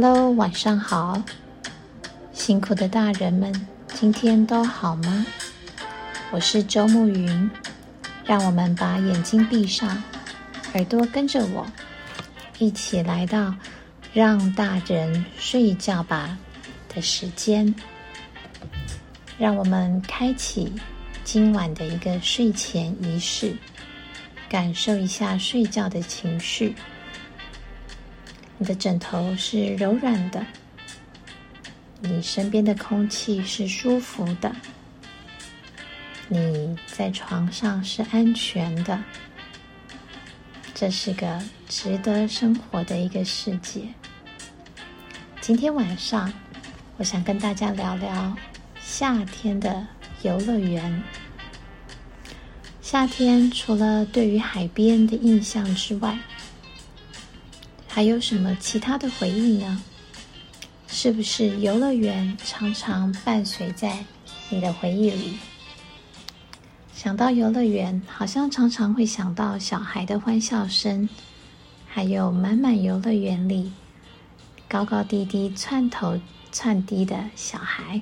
Hello，晚上好，辛苦的大人們，今天都好嗎？我是周沐昀，讓我們把眼睛閉上，耳朵跟着我，一起來到讓大人睡覺吧的時間。讓我們開啟今晚的一個睡前儀式，感受一下睡覺的情緒。你的枕頭是柔軟的，你身邊的空氣是舒服的，你在床上是安全的，這是個值得生活的一個世界。今天晚上，我想跟大家聊聊夏天的遊樂園。夏天除了對於海邊的印象之外，還有什麼其他的回憶呢？是不是遊樂園常常伴隨在你的回憶裡？想到遊樂園，好像常常會想到小孩的歡笑聲，還有滿滿遊樂園裡高高低低竄頭竄低的小孩。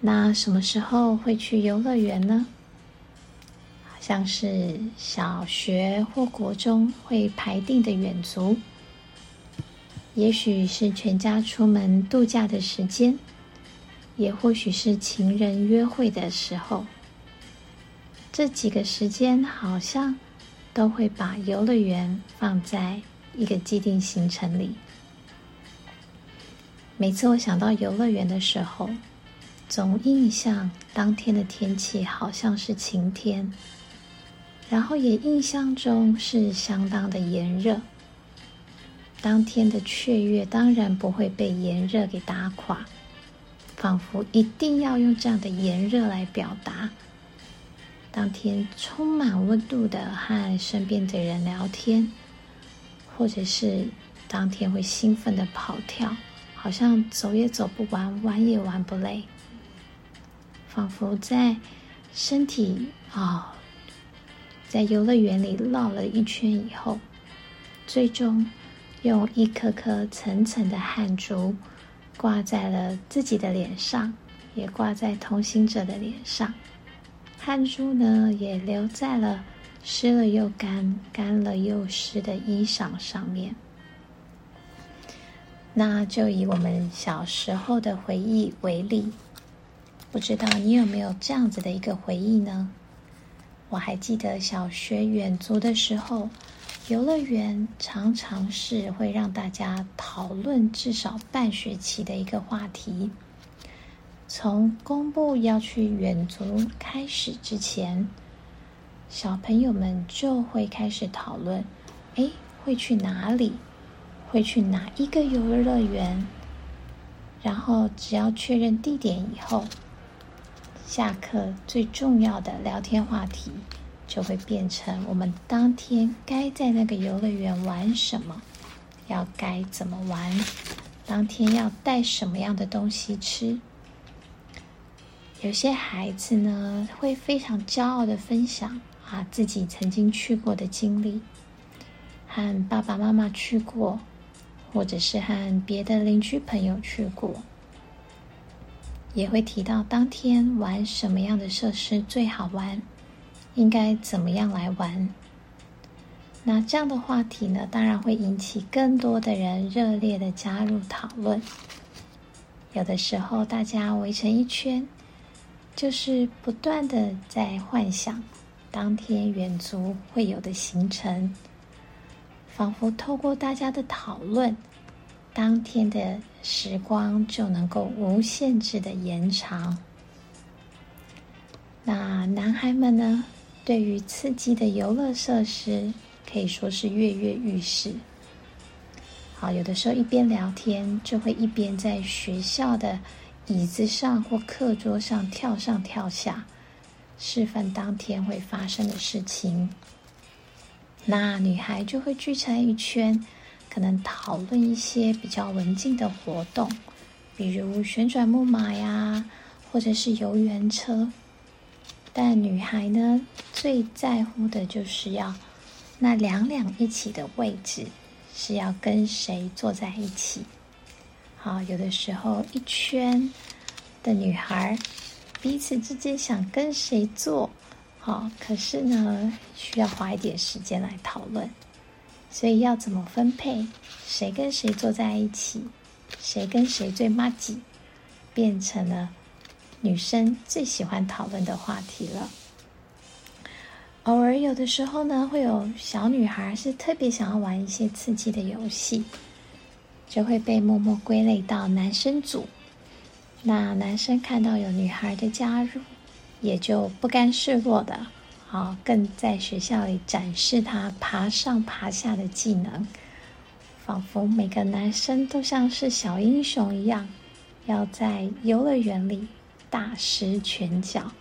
那什麼時候會去遊樂園呢？像是小學或國中會排定的遠足，也許是全家出門度假的時間，也或許是情人約會的時候。這幾個時間好像都會把遊樂園放在一個既定行程裡。每次我想到遊樂園的時候，總印象當天的天氣好像是晴天。然後也印象中是相當的炎熱。當天的雀躍當然不會被炎熱給打垮，仿佛一定要用這樣的炎熱來表達。當天充滿溫度的和身邊的人聊天，或者是當天會興奮的跑跳，好像走也走不完，玩也玩不累，仿佛在身體啊。哦在遊樂園裡繞了一圈以後，最終用一顆顆層層的汗珠掛在了自己的臉上，也掛在同行者的臉上。汗珠呢，也留在了濕了又乾、乾了又濕的衣裳上面。那就以我們小時候的回憶為例，不知道你有沒有這樣子的一個回憶呢？我還記得小學遠足的時候，遊樂園常常是會讓大家討論至少半學期的一個話題。從公布要去遠足開始之前，小朋友們就會開始討論：哎，會去哪裡？會去哪一個遊樂園？然後只要確認地點以後。下課最重要的聊天話題，就會變成我們當天該在那個遊樂園玩什麼，要該怎麼玩，當天要帶什麼樣的東西吃。有些孩子呢，會非常驕傲地分享啊自己曾經去過的經歷，和爸爸媽媽去過，或者是和別的鄰居朋友去過。也會提到當天玩什麼樣的設施最好玩，應該怎麼樣來玩。那這樣的話題呢，當然會引起更多的人熱烈的加入討論。有的時候大家圍成一圈，就是不斷的在幻想當天遠足會有的行程，仿佛透過大家的討論。當天的時光就能夠無限制的延長。那男孩們呢？對於刺激的遊樂設施可以說是躍躍欲試。好，有的時候一邊聊天，就會一邊在學校的椅子上或課桌上跳上跳下，示範當天會發生的事情。那女孩就會聚成一圈。可能討論一些比較文靜的活動，比如旋轉木馬呀，或者是遊園車。但女孩呢，最在乎的就是要那兩兩一起的位置，是要跟誰坐在一起。好，有的時候一圈的女孩彼此之間想跟誰坐，好，可是呢，需要花一點時間來討論。所以要怎麼分配，誰跟誰坐在一起，誰跟誰最麻吉，變成了女生最喜歡討論的話題了。偶爾有的時候呢，會有小女孩是特別想要玩一些刺激的遊戲，就會被默默歸類到男生組。那男生看到有女孩的加入，也就不甘示弱的。好，更在學校裡展示他爬上爬下的技能，仿佛每個男生都像是小英雄一樣，要在遊樂園裡大施拳腳。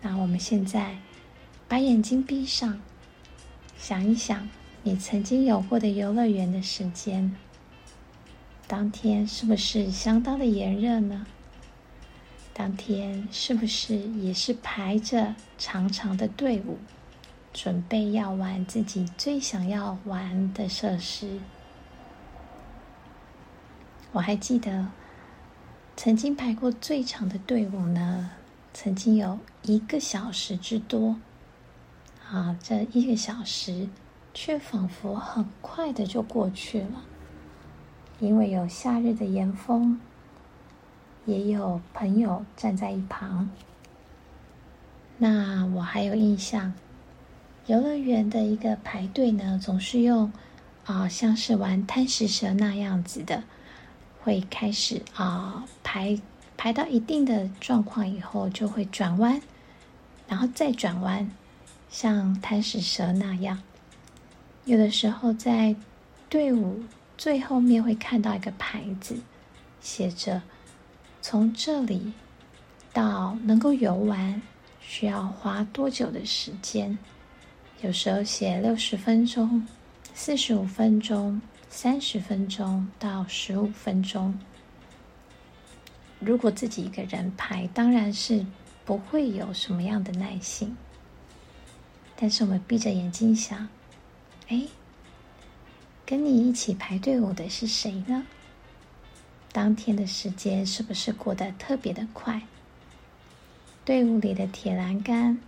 那我們現在把眼睛閉上，想一想你曾經有過的遊樂園的時間，當天是不是相當的炎熱呢？當天是不是也是排着長長的隊伍，準備要玩自己最想要玩的設施？我還記得曾經排過最長的隊伍呢，曾經有一個小時之多。啊，這一個小時卻仿佛很快的就過去了，因為有夏日的炎風。也有朋友站在一旁。那我還有印象，遊樂園的一個排隊呢，總是用啊、呃，像是玩貪食蛇那樣子的，會開始啊、呃、排排到一定的狀況以後就會轉彎，然後再轉彎，像貪食蛇那樣。有的時候在隊伍最後面會看到一個牌子，寫着。從這裡到能夠遊玩，需要花多久的時間？有時候寫六十分鐘、四十五分鐘、三十分鐘到十五分鐘。如果自己一個人排，當然是不會有什麼樣的耐心。但是我們閉着眼睛想，哎，跟你一起排隊伍的是誰呢？當天的時間是不是過得特別的快？隊伍裡的鐵欄杆，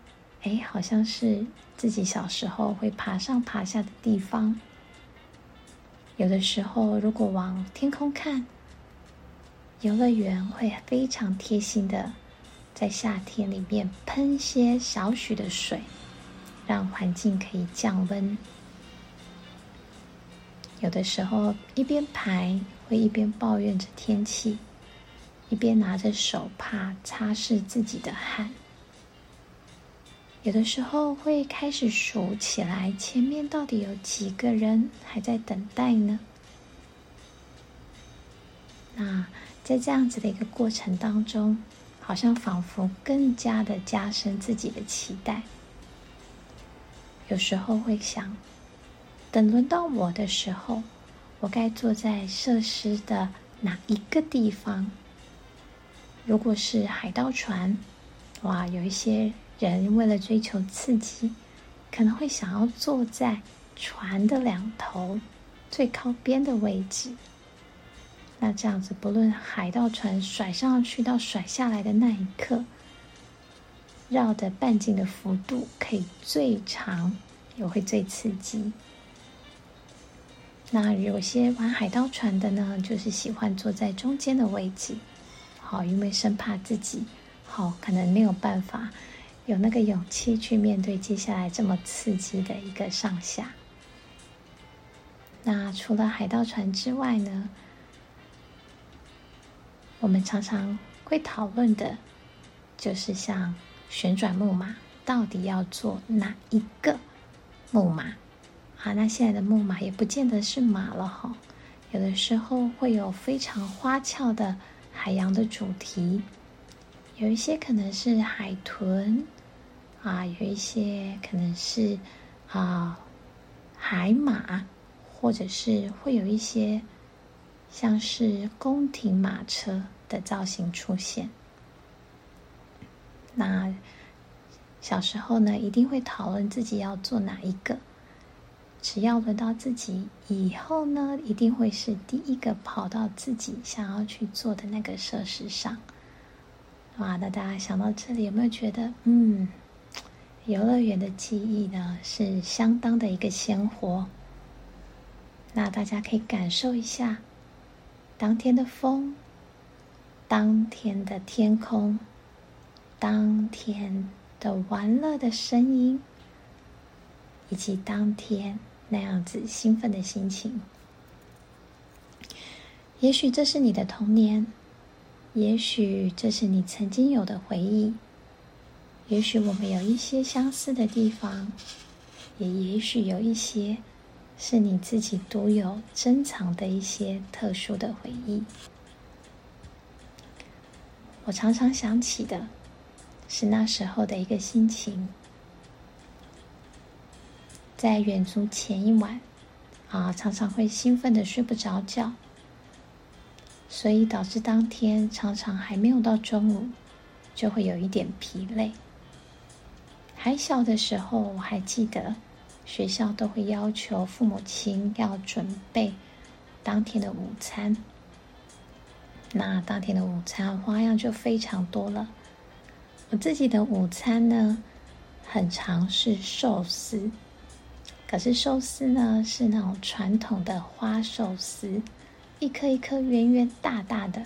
哎，好像是自己小時候會爬上爬下的地方。有的時候，如果往天空看，遊樂園會非常貼心的，在夏天裡面噴些少許的水，讓環境可以降溫。有的時候，一邊排，會一邊抱怨着天氣，一邊拿着手帕擦拭自己的汗。有的時候會開始數起來，前面到底有幾個人還在等待呢？那在這樣子的一個過程當中，好像仿佛更加的加深自己的期待。有時候會想，等輪到我的時候，我該坐在設施的哪一個地方？如果是海盜船，哇，有一些人為了追求刺激，可能會想要坐在船的兩頭最靠邊的位置。那這樣子，不論海盜船甩上去到甩下來的那一刻，繞的半徑的幅度可以最長，也會最刺激。那有些玩海盜船的呢，就是喜歡坐在中間的位置，好，因為生怕自己好可能沒有辦法有那個勇氣去面對接下來這麼刺激的一個上下。那除了海盜船之外呢，我們常常會討論的，就是像旋轉木馬，到底要坐哪一個木馬？啊，那現在的木馬也不見得是馬了哈，有的時候會有非常花俏的海洋的主題，有一些可能是海豚啊，有一些可能是啊海馬，或者是會有一些像是宮廷馬車的造型出現。那小時候呢，一定會討論自己要坐哪一個。只要輪到自己以後呢，一定會是第一個跑到自己想要去做的那個設施上。哇，那大家想到這裡有沒有覺得，嗯，遊樂園的記憶呢是相當的一個鮮活？那大家可以感受一下當天的風、當天的天空、當天的玩樂的聲音，以及當天。那樣子興奮的心情，也許這是你的童年，也許這是你曾經有的回憶，也許我們有一些相似的地方，也也許有一些是你自己獨有珍藏的一些特殊的回憶。我常常想起的，是那時候的一個心情。在遠足前一晚，啊，常常會興奮的睡不着覺，所以導致當天常常還沒有到中午，就會有一點疲累。還小的時候，我還記得學校都會要求父母親要準備當天的午餐，那當天的午餐花樣就非常多了。我自己的午餐呢，很常是壽司。可是壽司呢，是那種傳統的花壽司，一顆一顆圓圓大大的，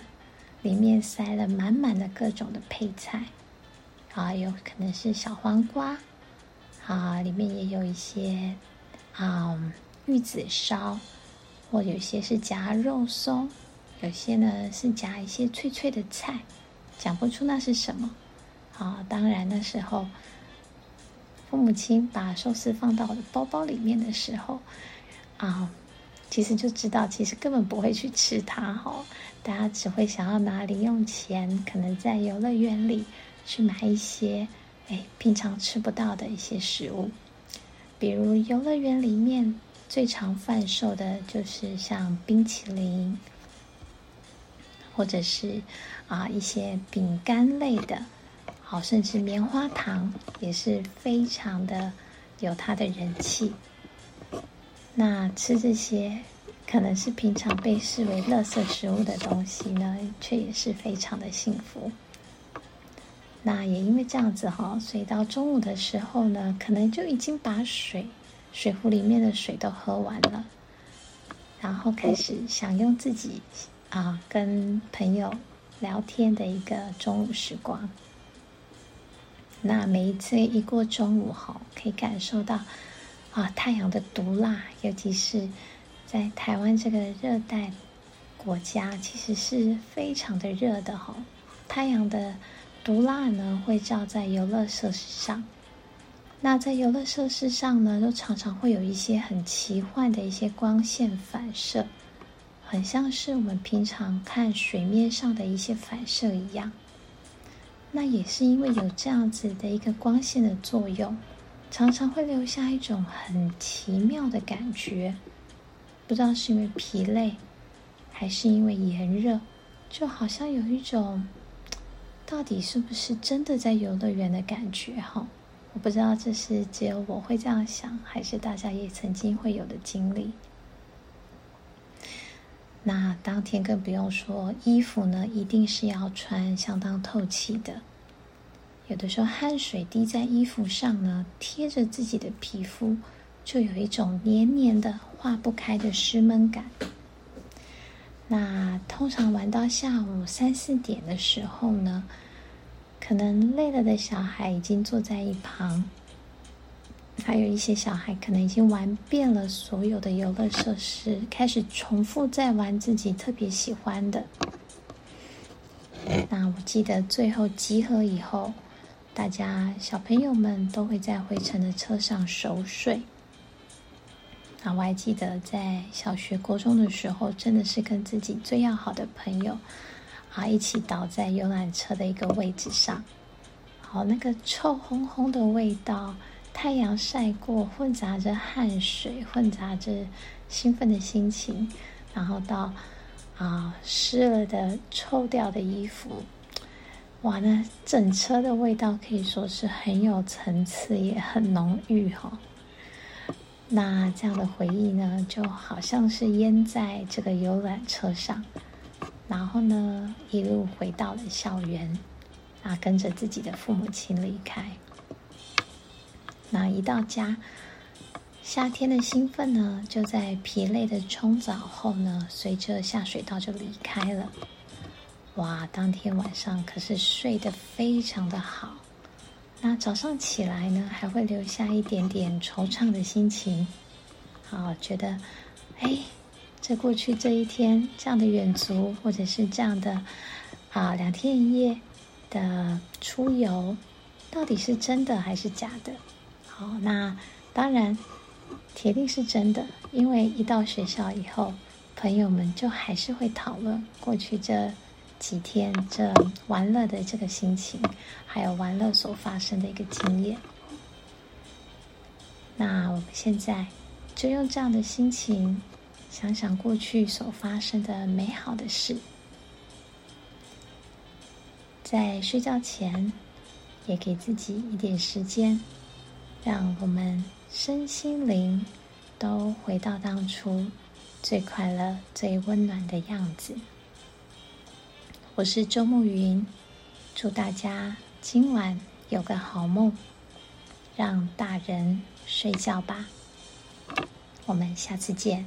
裡面塞了滿滿的各種的配菜，啊，有可能是小黃瓜，啊，裡面也有一些啊玉子燒，或有些是夾肉鬆，有些呢是夾一些脆脆的菜，講不出那是什麼，啊，當然那時候。父母親把壽司放到我的包包裡面的時候，啊，其實就知道，其實根本不會去吃它哦，大家只會想要拿零用錢，可能在遊樂園裡去買一些，哎，平常吃不到的一些食物，比如遊樂園裡面最常販售的就是像冰淇淋，或者是啊一些餅乾類的。好，甚至棉花糖也是非常的有它的人氣。那吃這些可能是平常被視為垃圾食物的東西呢，卻也是非常的幸福。那也因為這樣子哈、哦，所以到中午的時候呢，可能就已經把水水壺裡面的水都喝完了，然後開始享用自己啊跟朋友聊天的一個中午時光。那每一次一過中午後，可以感受到啊太陽的毒辣，尤其是在台灣這個熱帶國家，其實是非常的熱的，哈，太陽的毒辣呢，會照在遊樂設施上。那在遊樂設施上呢，都常常會有一些很奇幻的一些光線反射，很像是我們平常看水面上的一些反射一樣。那也是因為有這樣子的一個光線的作用，常常會留下一種很奇妙的感覺，不知道是因為疲累，還是因為炎熱，就好像有一種到底是不是真的在遊樂園的感覺哈。我不知道這是只有我會這樣想，還是大家也曾經會有的經歷。那當天更不用說，衣服呢，一定是要穿相當透氣的。有的時候汗水滴在衣服上呢，貼着自己的皮膚，就有一種黏黏的、化不開的濕悶感。那通常玩到下午三四點的時候呢，可能累了的小孩已經坐在一旁。還有一些小孩可能已經玩遍了所有的遊樂設施，開始重複在玩自己特別喜歡的。那我記得最後集合以後，大家小朋友們都會在回程的車上熟睡。啊，我還記得在小學、國中的時候，真的是跟自己最要好的朋友啊一起倒在遊覽車的一個位置上。好，那個臭烘烘的味道。太陽曬過，混雜着汗水，混雜着興奮的心情，然後到啊濕了的，臭掉的衣服，哇，那整車的味道可以說是很有層次，也很濃郁哈、哦。那這樣的回憶呢，就好像是淹在這個遊覽車上，然後呢，一路回到了校園，啊，跟着自己的父母親離開。那一到家，夏天的興奮呢，就在疲累的沖澡後呢，隨着下水道就離開了。哇，當天晚上可是睡得非常的好。那早上起來呢，還會留下一點點惆悵的心情，好、啊，覺得，哎，在過去這一天這樣的遠足，或者是這樣的啊兩天一夜的出遊，到底是真的還是假的？好、哦，那當然，鐵定是真的，因為一到學校以後，朋友們就還是會討論過去這幾天這玩樂的這個心情，還有玩樂所發生的一個經驗。那我們現在就用這樣的心情，想想過去所發生的美好的事，在睡覺前也給自己一點時間。讓我們身心靈都回到當初最快樂、最溫暖的樣子。我是周沐昀，祝大家今晚有個好夢，讓大人睡覺吧。我們下次見。